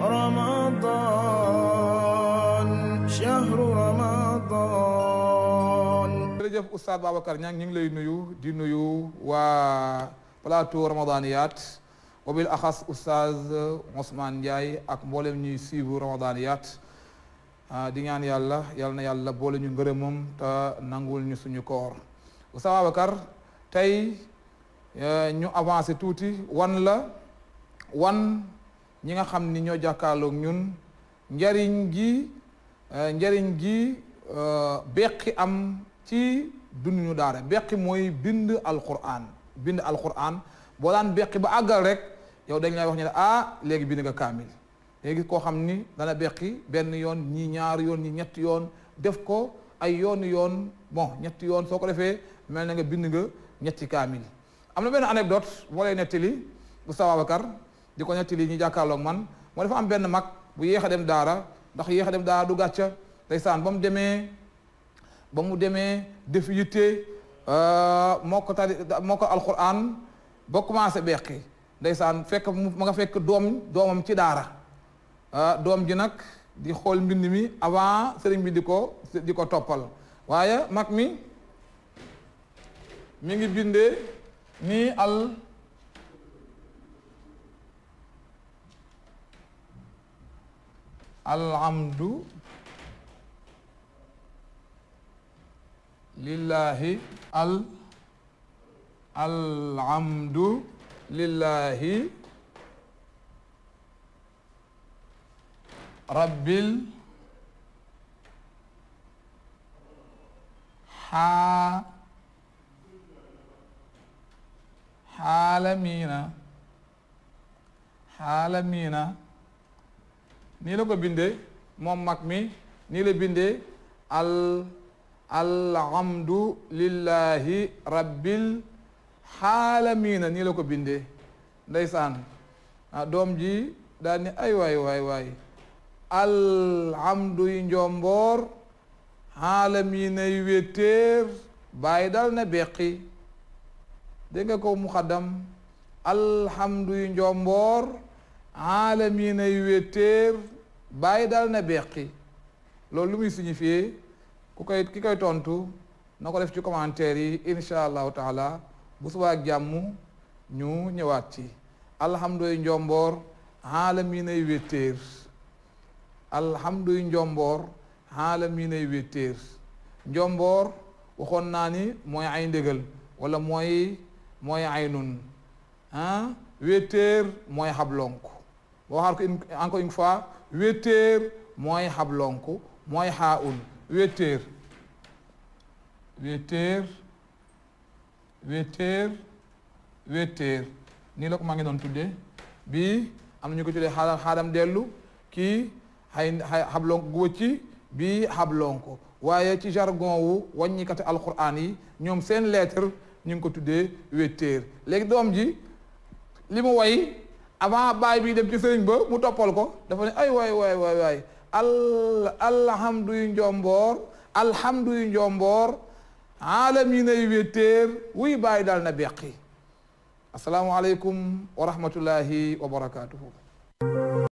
رمضان شهر رمضان jërëjëf Oustaz Babacar Niang ñu ngi lay nuyu di nuyu waa plateau Ramadaniyat wabil axas Oustaz Ousmane Ndiaye ak mboolem ñuy suivre Ramadaniyat ah, di ñaan yàlla yal na yàlla boole ñu ngërëmam te nangul ñu suñu koor Oustaz tey eh, ñu avancé tuuti wan la wan ñi nga xam ni ñoo jàkkaarlook ñun njariñ gi eh, njariñ gi eh, beqi am ci dunduñu daara beqi mooy bind alquran bind alquran boo daan beqi ba àggal rek yow dañ lay wax ñu ne ah léegi bind nga kaamil léegi koo xam ni dana beqi benn yoon ñi ñaar yoon ñii ñetti yoon def ko ay yoon yoon bon ñetti yoon soo ko defee mel na nga bind nga ñetti kaamil am na benn anecdote moo lay nettali Oustaz Babacar di ko li ñu jàkkaarloog man mo dafa am benn mag bu yéex dem daara ndax yéex dem daara du gàcca ndeysaan ba mu demee ba mu demee def yitte euh, moo ko tari moo ko alquran ba commencé beqi ndeysaan fekk ma nga fekk doom doomam ci daara euh, doom ji nag di xool mbind mi avant sëriñ bi di ko di ko toppal waaye mag mi mi ngi bindee ni al العمد لله ال العمد لله رب الح حالمينا حالمين nii la ko bindee moom mag mi nii la bindee al alhamdu lillahi rabbil xaalamiina nii la ko bindee ndeysaan ah doom ji daal ni ay waay waay waay alhamdu yi njomboor xaalamiina yi wéttéer bàyyi dal na beqi dégg nga ko muxaddam alhamdu yi njomboor aalamiina yu wéetéer bàyyi daal na beqi loolu lu muy signifier ku koy ki koy tontu na ko def ci commentaire yi insha allahu taala bu subaa ak ñu ñëwaat ci alhamduy njomboor aalamiina yu wéetéer alhamduy njomboor aalamiina yu wéetéer njomboor waxoon naa ni mooy ay ndégal wala mooy mooy ay nun ah wéetéer mooy xablonk waxaat ko encore une fois wéetéer mooy xablonku mooy xaa un wéetéer wéetéer wéetéer wéetéer nii la ko maa ngi doon tuddee bii am na ñu ko tuddee xaadam xaadam dellu ki xay xay xablonku gu bii xablonku waaye ci jargon wu wàññikati alquran yi ñoom seen lettre ñu ngi ko tuddee wéetéer léegi doom ji li mu avant baay bi dem ci sëriñ ba mu toppal ko dafa ne ay waay waay waay waay al alhamdu yu njomboor alhamdu yu njomboor aalam yi nay wéttéer wuy bàyyi daal na beqi asalaamualeykum wa rahmatullahi wa